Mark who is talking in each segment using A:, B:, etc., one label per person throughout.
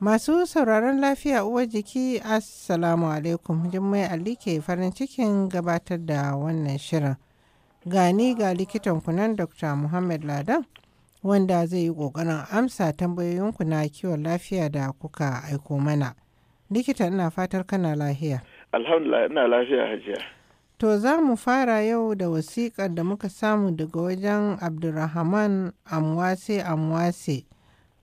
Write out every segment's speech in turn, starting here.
A: Masu sauraron lafiya uwar jiki Assalamu alaikum Jummai Ali ke farin cikin gabatar da wannan shirin. Gani ga likitan kunan Dr. Muhammad Ladan wanda zai yi ƙoƙarin amsa tambayoyinku na kiwon lafiya da kuka aiko mana. Likita ina fatar kana lafiya.
B: Alhamdulillah ina lafiya hajiya.
A: To za mu fara yau da wasiƙar da muka samu daga wajen Abdulrahman Amwase Amwase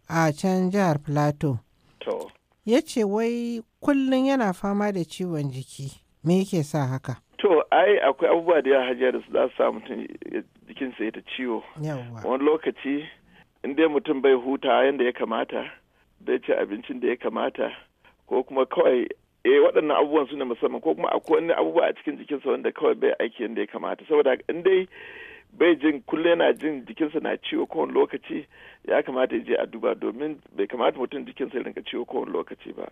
A: a can jihar Plateau. To. Ya ce wai kullum yana fama da ciwon jiki, me yake sa haka?
B: To, ai akwai abubuwa da ya hajiya da su za su sa mutum jikinsa ya ta ciwo. Wani lokaci, in dai mutum bai huta yadda ya kamata, bai ci abincin da ya kamata, ko kuma kawai eh waɗannan abubuwan su ne musamman ko kuma akwai wani abubuwa a cikin jikinsa wanda kawai bai aiki yadda ya kamata. Saboda in dai bai jin kullum yana jin jikinsa na ciwo kowane lokaci ya kamata ya je a duba domin bai kamata mutum jikinsa ya ciwo kowane lokaci ba.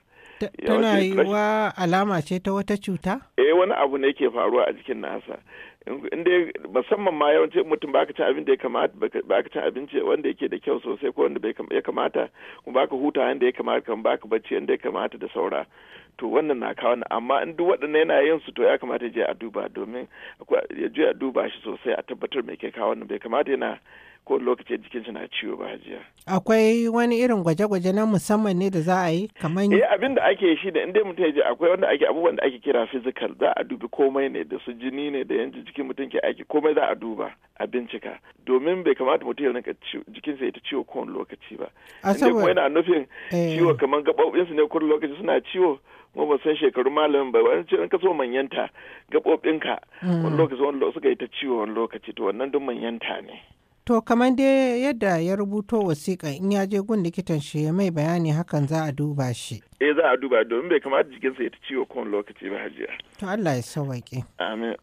B: Tana yi
A: wa alama ce ta wata cuta?
B: Eh wani abu ne ke faruwa a jikin nasa. inda musamman ma yawanci mutum ba ka cin abin da ya kamata ba ka cin abinci wanda yake da kyau sosai ko wanda ya kamata kuma ba ka huta yanda ya kamata kan ba ka bacci yanda ya kamata da saura to wannan na kawo na amma in duk waɗannan yana yin su to ya kamata ya je a duba domin ya je a duba shi sosai a tabbatar me ke kawo wannan bai kamata yana ko lokacin jikin suna ciwo ba hajiya.
A: Akwai wani irin gwaje-gwaje na musamman ne da za a yi
B: kamar Eh da ake shi da inda mutum ya akwai wanda ake abubuwan da ake kira physical za a dubi komai ne da su jini ne da yanzu jikin mutum ke aiki komai za a duba a bincika domin bai kamata mutum ya rinka jikinsa ya ta ciwo kowane lokaci ba. Inda kuma yana nufin eh. ciwo kamar gaɓoɓinsu ne kowane lokaci suna ciwo. mu ba san shekaru malamin ba wani ce in ka so manyanta gaɓoɓinka mm. wani lokaci wani suka yi ta ciwo wani lokaci to wannan duk manyanta ne.
A: To kamar dai yadda ya rubuto wasiƙa in ya je gun likitan shi ya mai bayani hakan za a duba shi.
B: Eh za a duba domin bai kamata jikinsa ya ta ciwo kowane lokaci ba hajiya.
A: To Allah ya sawaƙe. Amin.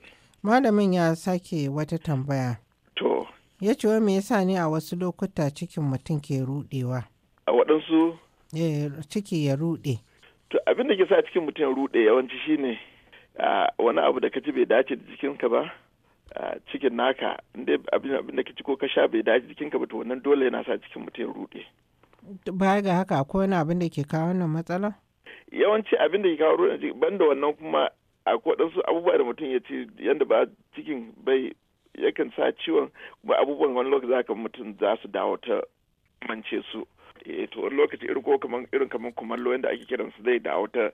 A: Malamin ya sake wata tambaya. To. Ya ce wai me yasa ne a wasu lokuta cikin mutum ke ruɗewa?
B: A waɗansu?
A: Eh ciki ya ruɗe.
B: To abin da ke sa cikin mutum ya ruɗe yawanci shine ah, wani abu da ka ci bai dace da jikinka ba. cikin naka inda abin da ka ci ko ka sha bai dace jikinka ba to wannan dole yana sa cikin mutum ya rude
A: baya ga haka akwai wani abin da ke kawo wannan matsala
B: yawanci abin da ke kawo rude ban banda wannan kuma akwai waɗansu abubuwa da mutum ya ci yadda ba cikin bai yakan sa ciwon kuma abubuwan wani lokaci zaka mutum za su dawo ta mance su eh to wani lokaci ko kaman irin kaman kumallo yadda ake kiran su zai dawo ta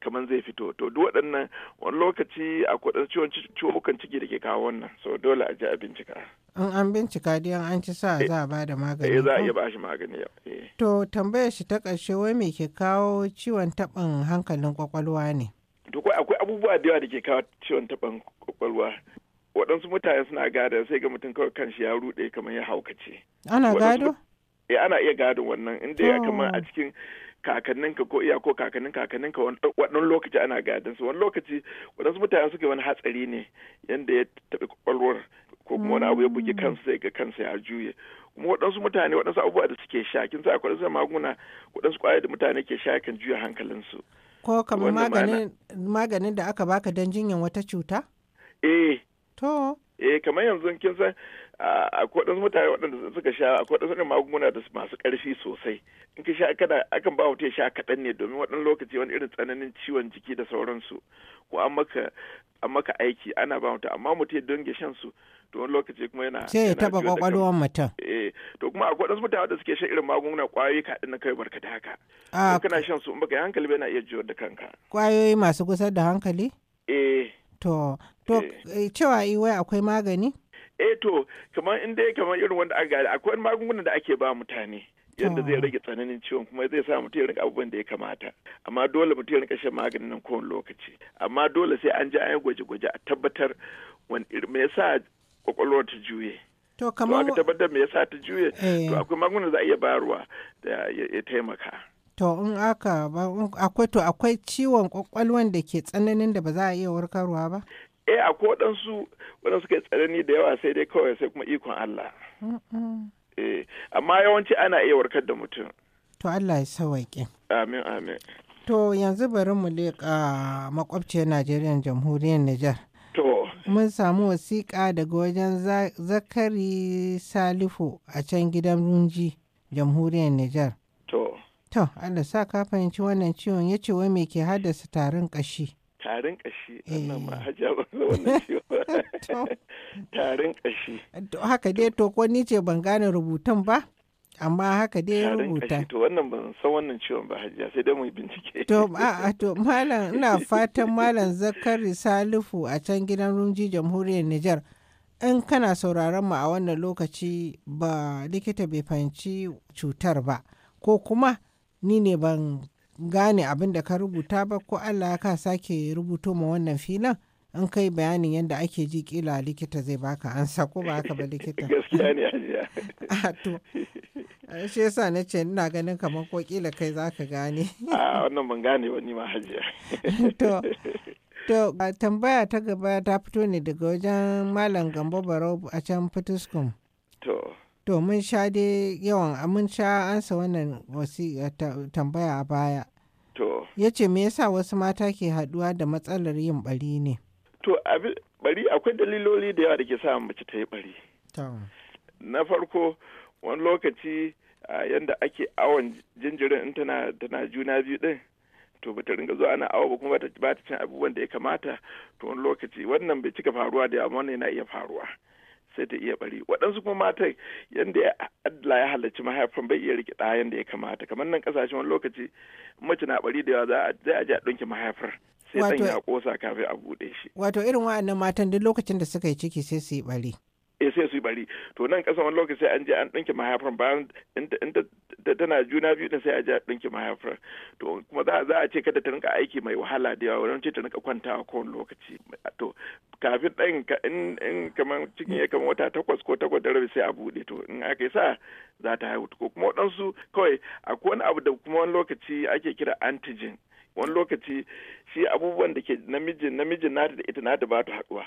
B: kaman zai fito to duk waɗannan wani lokaci a ɗan ciwon ciwon ciki da ke kawo wannan so dole a ji a bincika
A: in an bincika diyan an ci sa eh, za a bada magani eh za a iya
B: ba shi magani yau eh.
A: to tambayar shi ta ƙarshe wai me ke kawo ciwon taɓin hankalin kwakwalwa ne
B: to akwai abubuwa da yawa da ke kawo ciwon taɓin kwakwalwa waɗansu mutane suna gada sai ga mutum kawai kanshi ya ruɗe kamar ya haukace
A: ana gado
B: eh ana iya gadon wannan inda ya kamar a cikin ka ko iya ko kakannin ka wannan lokaci ana gadon su wani lokaci wadansu mutane suke wani hatsari ne yanda ya tabi kwakwalwar ko kuma wani abu ya buge mm. kansa sai ga kansa ya juye kuma waɗansu mutane waɗansu abubuwa da suke sha kin sa akwai maguna wadansu waɗansu da mutane ke sha kan juya hankalin su.
A: ko kamar maganin maganin da aka baka don jinyan wata cuta?
B: eh to eh kamar yanzu kin san akwai wadansu mutane waɗanda suka sha akwai wadansu irin magunguna da masu ƙarfi sosai in ka sha kana akan ba mutum sha kaɗan ne domin waɗan lokaci wani irin tsananin ciwon jiki da sauransu ko an maka an maka aiki ana ba mutum amma mutum don ya shan su to wani lokaci kuma yana sai ya taɓa kwakwalwar mutum eh to kuma akwai wasu mutane da suke shan irin magunguna ƙwayoyi kaɗan na kai barka da haka kana shan su in baka yi hankali ba yana iya jiwo da kanka
A: kwayoyi masu kusa da hankali eh to to eh. Eh, cewa iwai akwai magani
B: eh to kamar in dai kamar irin wanda aka gari akwai magungunan da ake ba mutane yadda zai rage tsananin ciwon kuma zai sa mutum ya rinka abubuwan da ya kamata amma dole mutum ya rinka shan maganin nan kowane lokaci amma dole sai an ji an yi gwaje-gwaje a tabbatar wani irin me yasa kwakwalwa ta juye to kamar aka tabbatar me yasa ta juye to eh. akwai magungunan za a iya bayarwa da ya taimaka
A: to in aka akwai to akwai ciwon kwakwalwan da ke tsananin da ba za a iya warkarwa ba
B: eh a ko su waɗansu suke tsanani da yawa sai dai kawai sai kuma ikon Allah eh amma yawanci ana iya warkar da mutum
A: to Allah ya sawaƙe
B: amin amin
A: to yanzu bari mu leƙa makwabciyar Najeriya jamhuriyar Nijar to mun samu wasiƙa daga wajen Zakari Salifu a can gidan Runji jamhuriyar Nijar to to Allah sa ka fahimci wannan ciwon yace wai me ke haddasa tarin ƙashi
B: tarin kashi eh. wannan ma hajjaba wannan tarin kashi
A: haka dai to ko ni ce ban gane rubutun ba amma haka dai ya rubuta
B: to wannan ban san wannan ciwon ba hajiya sai dai mu bincike to a
A: to malam ina fatan malam zakari salifu a can gidan rumji jamhuriyar Nijar in kana sauraron mu a wannan lokaci ba likita bai fahimci cutar ba ko kuma ni ne ban gane abin da ka rubuta ba ko Allah ka sake rubuto ma wannan filin in kai bayanin yadda ake ji kila likita zai baka ansa ko ba haka ba likita gaskiya ne
B: a
A: ah, to shi yasa na ce ina ganin kamar ko kila kai za ka gane a
B: wannan ban gane wani ma hajiya to
A: to tambaya ta gaba ta fito ne daga wajen malam gambo barau a can fitiskum to to mun sha dai yawan mun sha ansa wannan tambaya a baya to ya ce me yasa wasu mata ke haduwa da matsalar yin bari ne
B: to bari akwai daliloli da yawa da ke sa mace ta yi bari na farko wani lokaci yadda ake awon jinjirin in tana tana juna biyu din to bata ringa zuwa ana awo ba kuma ba ta cin abubuwan da ya kamata to wani lokaci wannan bai cika faruwa da yawa wannan yana iya faruwa sai ta iya bari waɗansu kuma matan yadda Allah ya halarci mahaifin bai iya rike ɗaya yadda ya kamata kamar nan kasashen wani lokaci mace na bari da yawa za a je a ɗunki mahaifar sai ɗan ya ƙosa kafin a buɗe shi
A: wato irin wa'annan matan duk lokacin da suka yi ciki sai su yi bari
B: bari to nan kasa wani lokaci an je an ɗinke mahaifar bayan inda tana juna biyu din sai a je a ɗinke mahaifar to kuma za a ce kada ta rinka aiki mai wahala da yawa wurin ce ta rinka kwantawa kowane lokaci to kafin ɗan in kamar cikin ya kamar wata takwas ko takwas da rabi sai a buɗe to in aka yi sa za ta haihu ko kuma waɗansu kawai akwai wani abu da kuma wani lokaci ake kira antigen wani lokaci shi abubuwan da ke namijin namijin nata da ita nata ba ta haɗuwa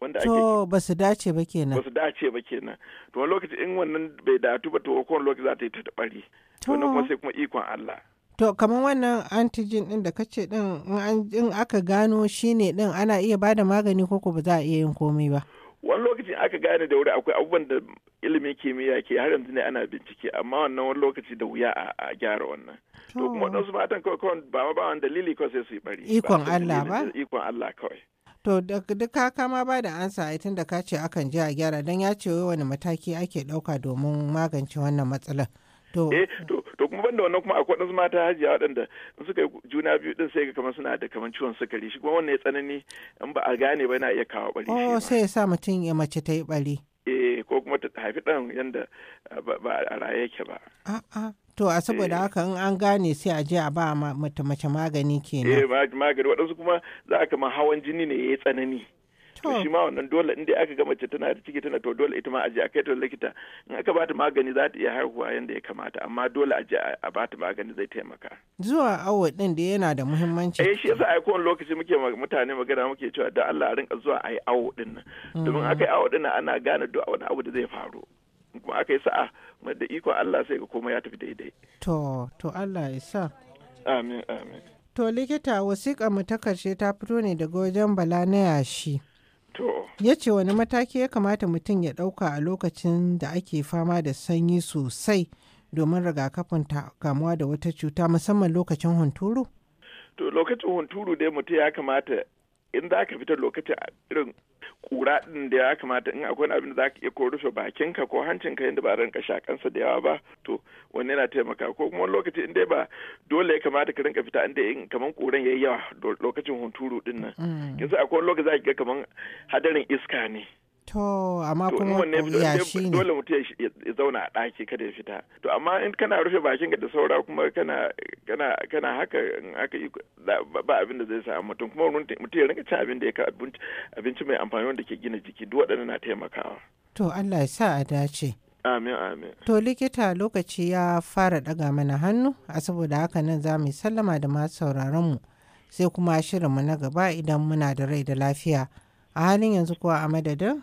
B: wanda ake to
A: ba su dace ba kenan ba su
B: dace ba kenan to wani lokaci in wannan bai datu ba to kowane lokaci za ta yi ta bari to nan kuma sai kuma ikon Allah
A: to kamar wannan antigen din da kace din in aka gano shine din ana iya bada magani ko ko ba za a iya yin komai ba
B: wani lokacin aka gane da wuri akwai abubuwan da ilimin kimiyya ke har yanzu ne ana bincike amma wannan wani lokaci da wuya a gyara wannan to kuma wadansu matan kawai kawai ba ma ba wani dalili kawai sai su yi bari ikon Allah ba ikon Allah kawai
A: To duk ka ma ba da ansa a tun da ka ce akan je a gyara don ya ce wani mataki ake ɗauka domin magance wannan matsalar.
B: To, eh, to, kuma banda wannan kuma akwai wasu mata hajiya waɗanda in suka yi juna biyu din sai ga kamar suna da kamar ciwon sukari shi kuma wannan ya tsanani in ba a gane ba yana iya kawo bari. Oh,
A: sai ya sa mutum ya mace ta yi bari.
B: Eh, ko kuma ta haifi ɗan yanda ba a raye yake ba.
A: A'a. To a saboda eh. haka in an gane sai a je a ba mata mace magani kenan. Eh
B: magani waɗansu kuma za a kama hawan jini ne ya yi tsanani. To shi ma wannan dole inda aka ga mace tana da ciki tana to dole ita ma a je a kai ta likita in aka bata magani za ta iya haihuwa yadda ya kamata amma dole a je a bata magani zai taimaka.
A: Zuwa awo din da yana da muhimmanci. Eh shi
B: yasa a kowane lokaci muke mutane magana muke cewa da Allah a rinka zuwa a yi awo din nan. Mm. Domin aka yi awo din nan ana gane duk wani abu da zai faru. kuma aka yi sa'a kuma da ikon Allah sai ga komai ya tafi daidai
A: to to Allah ya sa
B: amin amin
A: to likita wasiƙa mu ta karshe ta fito ne daga wajen bala na yashi to ya ce wani mataki ya kamata mutum ya ɗauka a lokacin da ake fama da sanyi sosai domin rigakafin kamuwa da wata cuta musamman lokacin hunturu?
B: To lokacin hunturu dai mutum ya kamata in za ka fita lokacin irin kura din da ya kamata in akwai abin da za ka iya ko rufe ka ko hancinka yadda ba rinka shakansa da yawa ba to wani yana taimaka ko kuma wani lokaci in dai ba dole ya kamata ka rinka fita inda in kaman kuran yayi yawa lokacin hunturu din nan mm. yanzu akwai wani lokaci za ka ga kaman hadarin iska ne
A: To, amma kuma ya shi ne. Dole
B: mutum ya zauna a ɗaki kada ya fita. To, amma in kana rufe bakin ka da saura kuma kana kana haka haka ba abin da zai samu mutum kuma mutum ya rinka cin abin da ya abinci mai amfani wanda ke gina jiki duk waɗannan na taimakawa.
A: To, Allah ya sa a dace.
B: Amin, amin.
A: To, likita lokaci ya fara ɗaga mana hannu, a saboda haka nan za mu sallama da masu mu Sai kuma shirinmu na gaba idan muna da rai da lafiya. A halin yanzu kuwa a madadin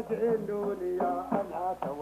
A: تدعي لي يا أنا